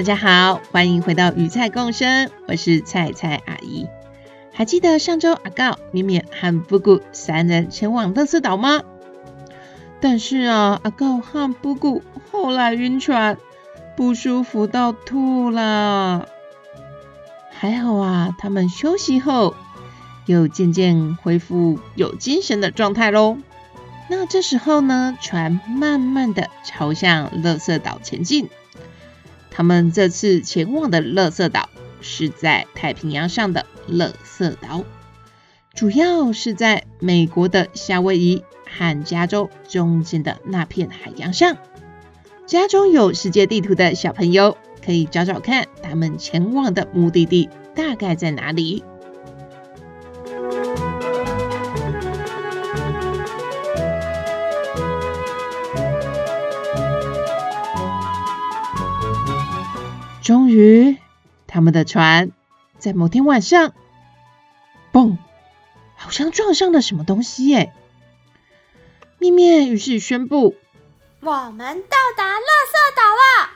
大家好，歡迎回到魚菜共聲，我是菜菜阿姨。還記得上周阿告、麵麵和布咕三人前往垃圾島嗎？但是啊，阿告和布咕後來暈船，不舒服到吐啦。還好啊，他們休息後又漸漸恢復有精神的狀態嘍。那這時候呢，船慢慢的朝向垃圾島前進。他們這次前往的垃圾島是在太平洋上的垃圾島，主要是在美國的夏威夷和加州中間的那片海洋上。家中有世界地圖的小朋友可以找找看，他們前往的目的地大概在哪裡？於他們的船在某天晚上，嘣，好像撞上了什麼東西耶！麵麵於是宣布：“我們到達垃圾島了。”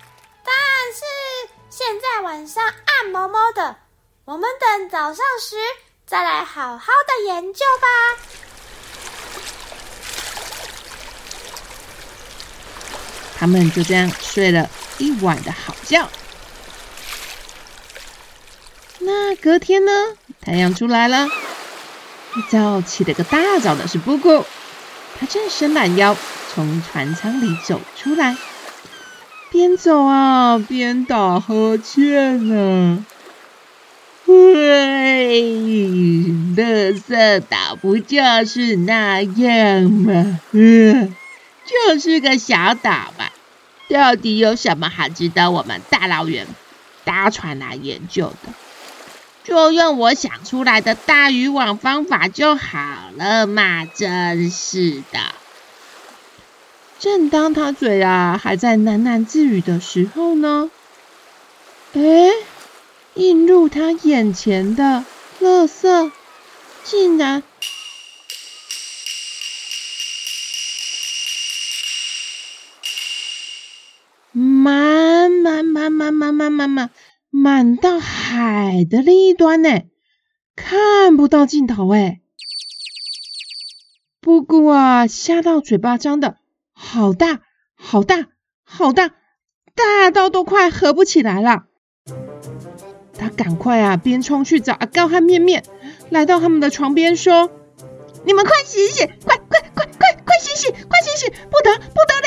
但是現在晚上暗摸摸的，我們等早上時再來好好的研究吧。他們就這樣睡了一晚的好覺。那隔天呢？太陽出來了，一早起了個大早的是布咕，他正伸懶腰從船艙裡走出來，邊走啊邊打呵欠呢。嘿，樂色島不就是那樣嗎？嗯，就是個小島嘛，啊。到底有什麼好值得我們大老遠搭船來研究的？就用我想出來的大漁網方法就好了嘛！真是的。正當他嘴啊還在喃喃自語的時候呢，哎、欸，映入他眼前的垃圾，竟然。滿滿滿滿滿滿滿滿到海的另一端呢，看不到盡頭哎！布咕啊，嚇到嘴巴張的好大好大好大，大到都快合不起來了。他趕快啊，邊衝去找阿告和面面，來到他們的床邊說：“你們快醒醒，快快快快快醒醒，快醒醒，不得不得了！”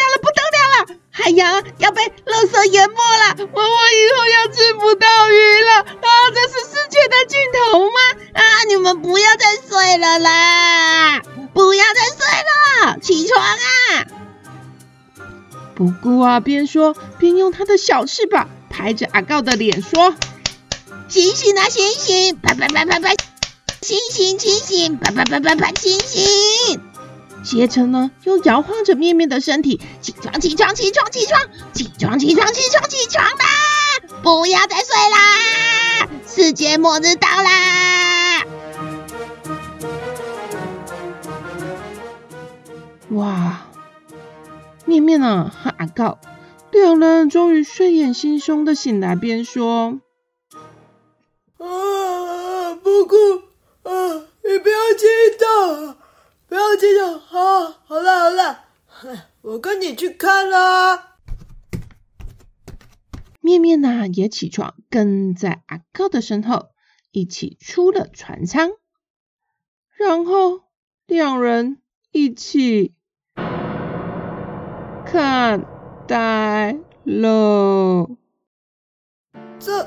海洋要被垃圾淹沒了，我我以後要吃不到魚了啊！這是世界的盡頭嗎？啊！你們不要再睡了啦！不要再睡了，起床啊！布咕啊，邊說邊用他的小翅膀拍着阿告的臉說：“醒醒啊，醒醒！啪啪啪啪啪，醒醒，清醒，啪啪啪啪啪，醒醒！”接着呢，又搖晃着面面的身體，起床，起床，起床，起床，起床，起床，起床，起床，起床啦！不要再睡啦！世界末日到啦！哇！面面啊，和阿告，兩人終於睡眼惺忪的醒來，邊說：“啊，不過，啊，你不要激動。”不要這樣！好，好了，好了，我跟你去看啦。面面呢、啊、也起床，跟在阿告的身後，一起出了船艙，然後兩人一起看呆了。這、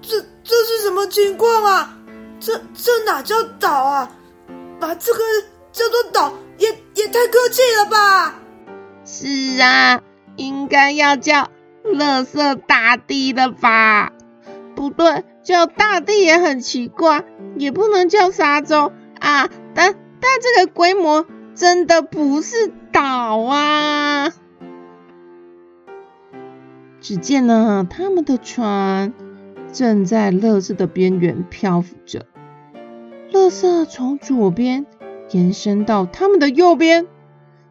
這、這是什麼情況啊？這、這哪叫島啊？把這個。這座島也也太客氣了吧！是啊，應該要叫垃圾大地的吧？不對，叫大地也很奇怪，也不能叫沙洲啊！但但這個規模真的不是島啊！只見了，他們的船正在垃圾的邊緣漂浮着，垃圾從左邊。延伸到他們的右邊，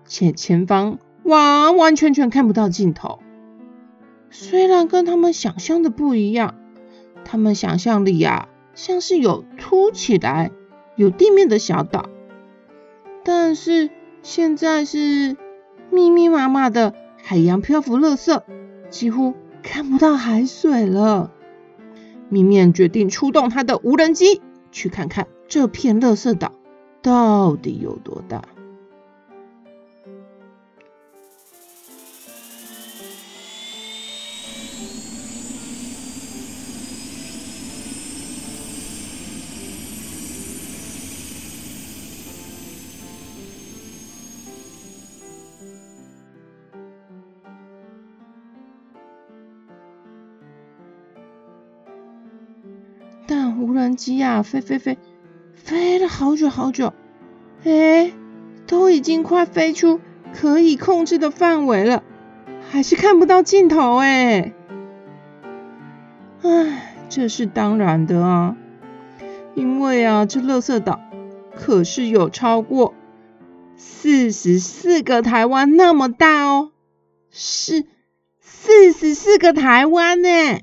且前方完完全全看不到盡頭。雖然跟他們想象的不一樣，他們想像裡啊，像是有凸起來、有地面的小島，但是現在是密密麻麻的海洋漂浮垃圾，幾乎看不到海水了。麵麵決定出動他的無人機，去看看這片垃圾島到底有多大？但無人機呀、啊，飛飛飛！好久好久，誒，都已經快飛出可以控制的範圍了，還是看不到盡頭誒，哎，這是當然的啊，因為啊，這垃圾島可是有超過四十四個台灣那麼大哦，是四十四個台灣呢，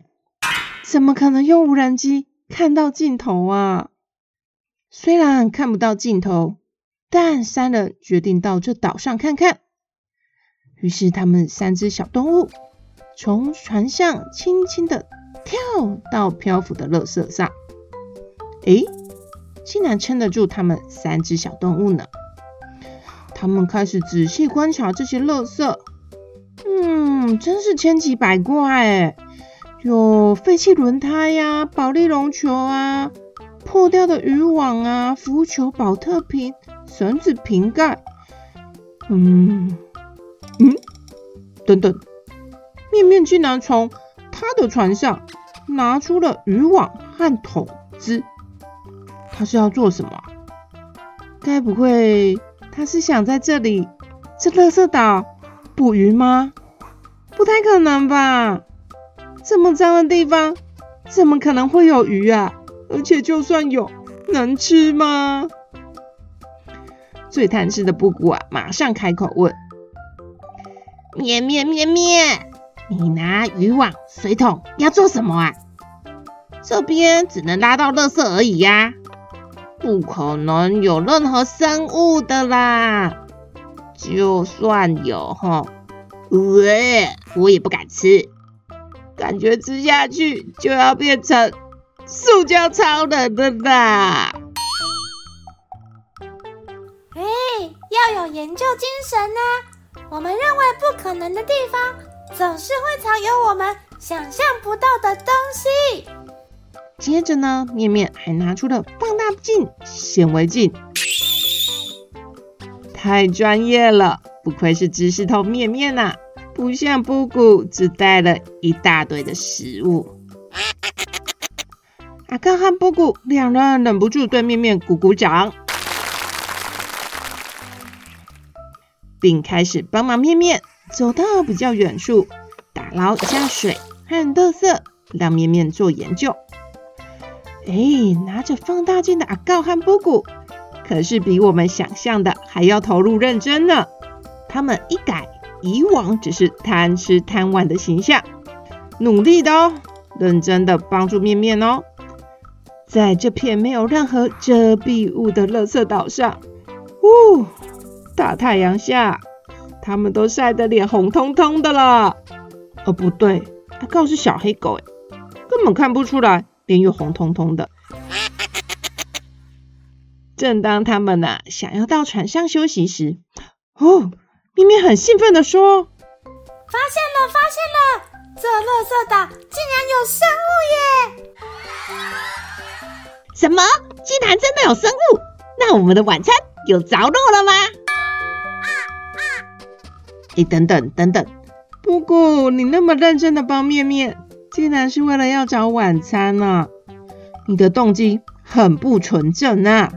怎麼可能用無人機看到盡頭啊？雖然看不到盡頭，但三人決定到這島上看看。於是，他們三只小動物從船上輕輕的跳到漂浮的垃圾上。誒、欸、竟然撐得住他們三只小動物呢！他們開始仔細觀察這些垃圾。嗯，真是千奇百怪誒、欸、有廢棄輪胎呀、啊，保麗龍球啊。破掉的漁網啊，浮球、保特瓶、繩子、瓶蓋，嗯嗯，等等，面面竟然從他的船上拿出了漁網和桶子，他是要做什麼？該不會他是想在這裡這垃圾島捕魚嗎？不太可能吧，這麼髒的地方，怎麼可能會有魚啊？而且就算有，能吃嗎？最貪吃的布咕啊，馬上開口問：“麵麵麵麵，你拿漁網、水桶要做什麼啊？這邊只能拉到垃圾而已呀、啊，不可能有任何生物的啦！就算有齁，喂，我也不敢吃，感覺吃下去就要變成……”塑膠超人，對吧？哎，要有研究精神啊。我們認為不可能的地方，總是會藏有我們想象不到的東西。接着呢，麵麵還拿出了放大鏡、顯微鏡，太專業了，不愧是知識通麵麵吶、啊。不像布咕，只帶了一大堆的食物。阿告和布咕兩人忍不住對面面鼓鼓掌，並開始幫忙面面走到比較遠處打撈一下水和垃圾，讓面面做研究。哎，拿着放大鏡的阿告和布咕，可是比我們想象的還要投入認真呢！他們一改以往只是貪吃貪玩的形象，努力的哦，認真的幫助面面哦。在這片沒有任何遮蔽物的垃圾島上，嗚，大太陽下，他們都曬得臉紅彤彤的了。哦，不對，他告訴小黑狗、欸，根本看不出來臉有紅彤彤的。 正當他們呢、啊、想要到船上休息時，哦，麵麵很興奮地說：“發現了，發現了，這垃圾島竟然有生物耶！”什麼？竟然真的有生物？那我們的晚餐有着落了嗎？啊啊！哎、啊欸，等等等等，不過你那麼認真的包麵麵，竟然是為了要找晚餐呢、啊？你的動機很不純正啊！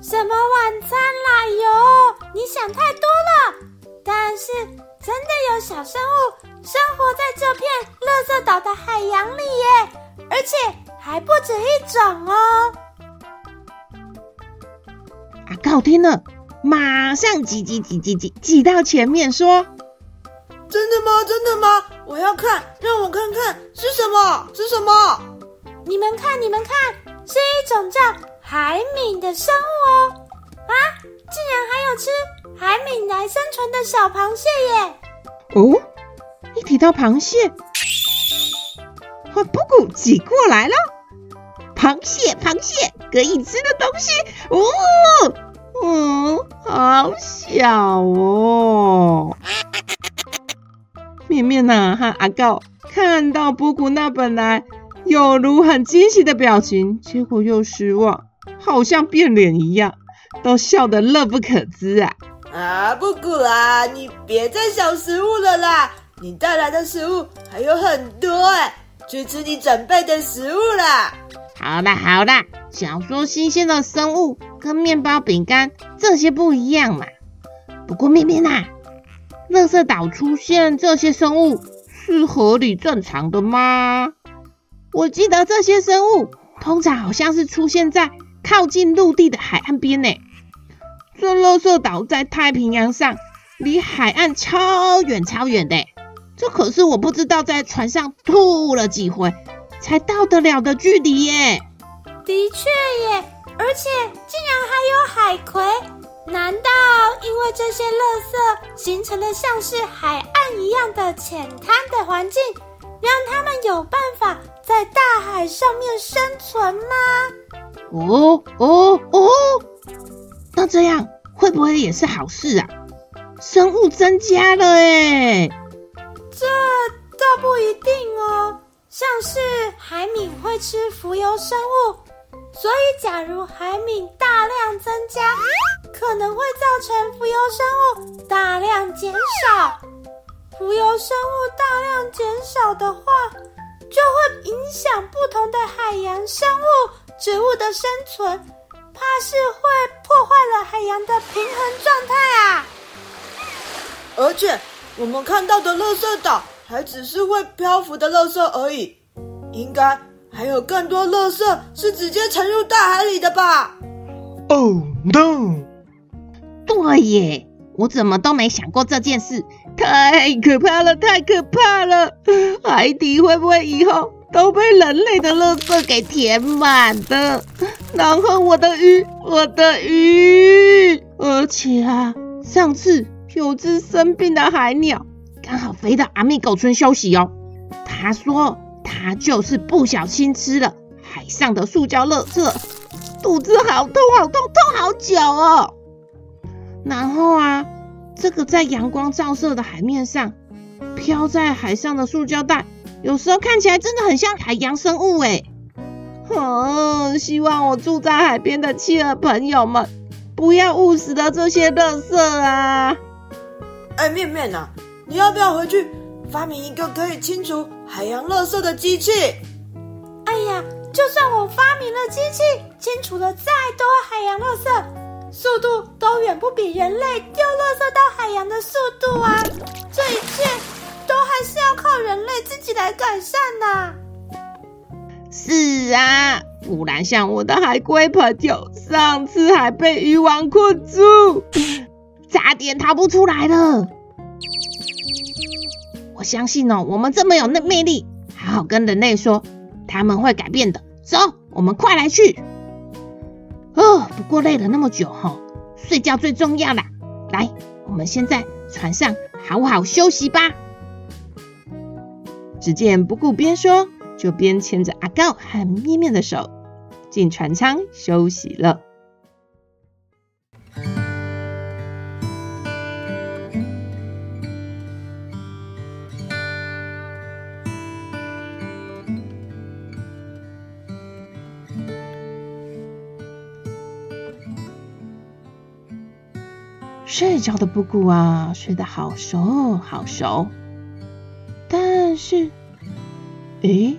什麼晚餐奶油？你想太多了。但是真的有小生物生活在這片垃圾島的海洋裡耶，而且，還不止一種哦！阿告聽了！馬上擠擠擠擠擠擠到前面說：“真的嗎？真的嗎？我要看，讓我看看是什麼？是什麼？你們看，你們看，是一種叫海綿的生物哦！啊，竟然還有吃海綿來生存的小螃蟹耶！哦，一提到螃蟹，我布咕擠過來了。”螃蟹，螃蟹可以吃的東西。嗚、哦，哦、嗯，好小哦。麵麵吶和阿告看到布咕那本來有如很驚喜的表情，結果又失望，好像變臉一樣，都笑得樂不可支啊！啊，布咕啊，你別再想食物了啦，你帶來的食物還有很多哎、欸，去吃你準備的食物啦。好啦，好啦。想說新鮮的生物跟麵包餅乾、餅乾這些不一樣嘛。不過，麵麵啦、啊。拉機島出現這些生物是合理正常的嗎？我記得這些生物通常好像是出現在靠近陸地的海岸邊呢。這拉機島在太平洋上，離海岸超遠超遠的。這可是我不知道在船上吐了幾回才到得了的距離耶。的確耶，而且竟然還有海葵，難道因為這些垃圾形成了像是海岸一樣的淺灘的環境，讓他們有辦法在大海上面生存嗎？哦哦哦，那、哦哦、這樣會不會也是好事啊？生物增加了耶。這倒不一定哦。像是海黽會吃浮游生物，所以假如海黽大量增加，可能會造成浮游生物大量減少。浮游生物大量減少的話，就會影響不同的海洋生物、植物的生存，怕是會破壞了海洋的平衡狀態啊！而且我們看到的垃圾島，還只是會漂浮的垃圾而已，應該還有更多垃圾是直接沉入大海裡的吧？Oh no！對耶，我怎麼都沒想過這件事，太可怕了，太可怕了！海底會不會以後都被人類的垃圾給填滿的？然後我的魚，我的魚。而且啊，上次有隻生病的海鳥。好肥的阿密狗村休息哦。他說他就是不小心吃了海上的塑膠垃圾，肚子好痛好痛，痛好久哦。然後啊，這個在陽光照射的海面上飄在海上的塑膠袋，有時候看起來真的很像海洋生物哎、欸。希望我住在海邊的企鵝朋友們不要誤食了這些垃圾啊、欸。哎，麵麵啊！你要不要回去發明一個可以清除海洋垃圾的機器？哎呀，就算我發明了機器，清除了再多海洋垃圾，速度都遠不比人類丟垃圾到海洋的速度啊！這一切都還是要靠人類自己來改善吶、啊。是啊，不然像我的海龜朋友，上次還被漁網困住， 差點逃不出來了。我相信哦，我們這麼有魅力，好好跟人類說，他們會改變的。走，我們快來去。哦，不過累了那麼久哈、哦，睡覺最重要啦。來，我們現在船上好好休息吧。只見布咕邊說，就邊牽着阿告和麵麵的手進船艙休息了。睡覺的布咕啊，睡得好熟好熟，但是，誒，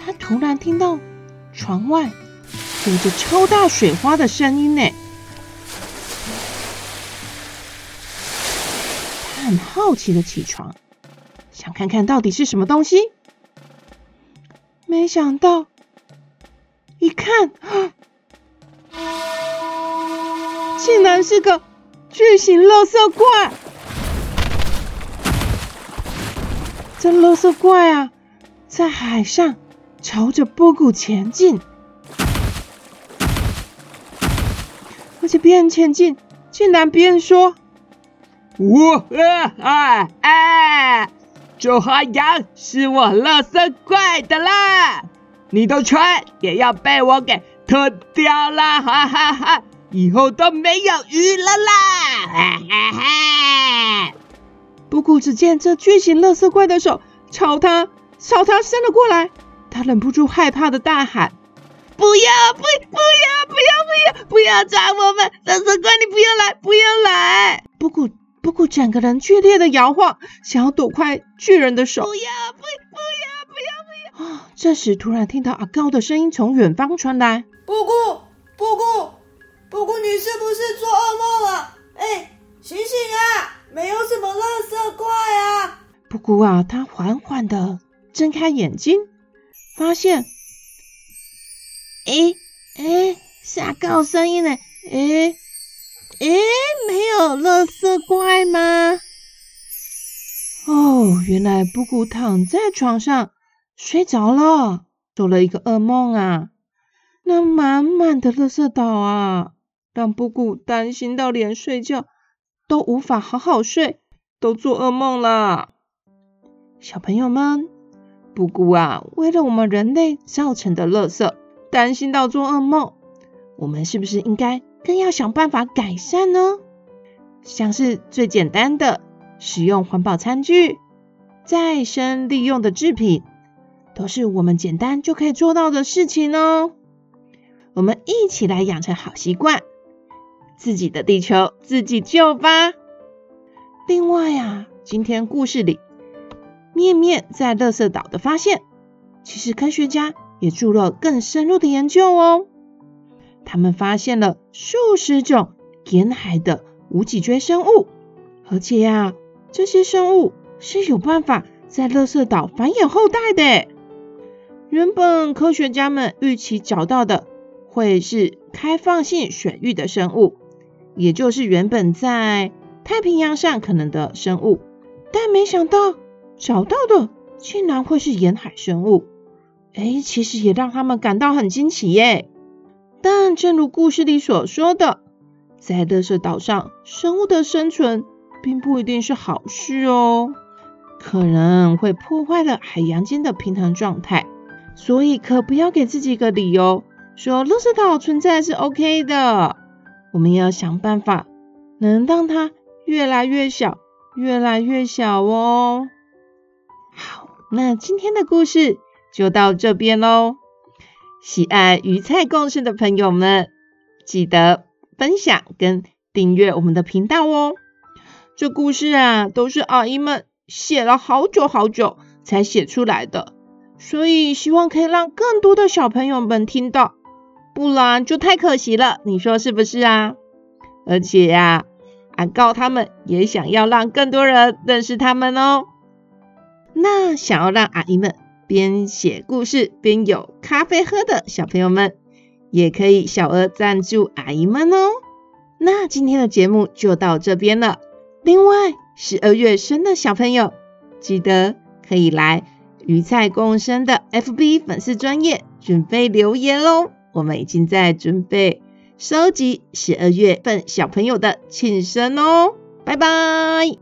他突然聽到床外有着超大水花的聲音呢。他很好奇的起床，想看看到底是什麼東西，沒想到，一看，竟然是個巨型垃圾怪！這垃圾怪啊，在海上朝着布咕前進，而且邊前進，竟然邊說：“嗚呃哎哎，這、哎、海洋是我垃圾怪的啦！你的船也要被我給吞掉啦！”哈哈哈。以後都沒有魚了啦！哈哈，哈，哈！布咕只見這巨型垃圾怪的手朝他朝他伸了過來，他忍不住害怕的大喊：“不要不不要不要不要不要抓我們！垃圾怪你不要來不要來！”布咕布咕整個人劇烈的搖晃，想要躲開巨人的手。不要不不要不要不要啊！這時突然聽到阿告的聲音從遠方傳來：“布咕布咕。咕咕”布咕，你是不是做噩夢了？哎、欸，醒醒啊！沒有什麼垃圾怪啊！布咕啊，他緩緩地睜開眼睛，發現，哎、欸、哎，啥、欸、告聲音呢？哎、欸、哎、欸，沒有垃圾怪嗎？哦，原來布咕躺在床上睡着了，做了一個噩夢啊！那滿滿的垃圾島啊！讓布咕擔心到連睡覺都無法好好睡，都做噩夢了。小朋友們，布咕啊，為了我們人類造成的垃圾，擔心到做噩夢。我們是不是應該更要想辦法改善呢？像是最簡單的使用環保餐具、再生利用的製品，都是我們簡單就可以做到的事情哦。我們一起來養成好習慣。自己的地球自己救吧。另外呀、啊，今天故事裡，麵麵在垃圾島的發現，其實科學家也做了更深入的研究哦。他們發現了數十種沿海的無脊椎生物，而且呀、啊，這些生物是有辦法在垃圾島繁衍後代的。原本科學家們預期找到的會是開放性水域的生物。也就是原本在太平洋上可能的生物，但沒想到找到的竟然會是沿海生物，哎，其實也讓他們感到很驚奇耶。但正如故事裡所說的，在拉機島上，生物的生存並不一定是好事哦，可能會破壞了海洋間的平衡狀態，所以可不要給自己一個理由，說拉機島存在是 OK 的。我們要想辦法能讓它越來越小，越來越小哦。好，那今天的故事就到這邊嘍。喜愛魚菜共生的朋友們，記得分享跟訂閱我們的頻道哦。這故事啊，都是阿姨們寫了好久好久才寫出來的，所以希望可以讓更多的小朋友們聽到。不然就太可惜了，你說是不是啊？而且呀、啊，阿告他們也想要讓更多人認識他們哦。那想要讓阿姨們邊寫故事邊有咖啡喝的小朋友們，也可以小額贊助阿姨們哦。那今天的節目就到這邊了。另外，十二月生的小朋友記得可以來魚菜共聲的 FB 粉絲專頁準備留言哦。我們已經在準備收集十二月份小朋友的慶生哦，拜拜。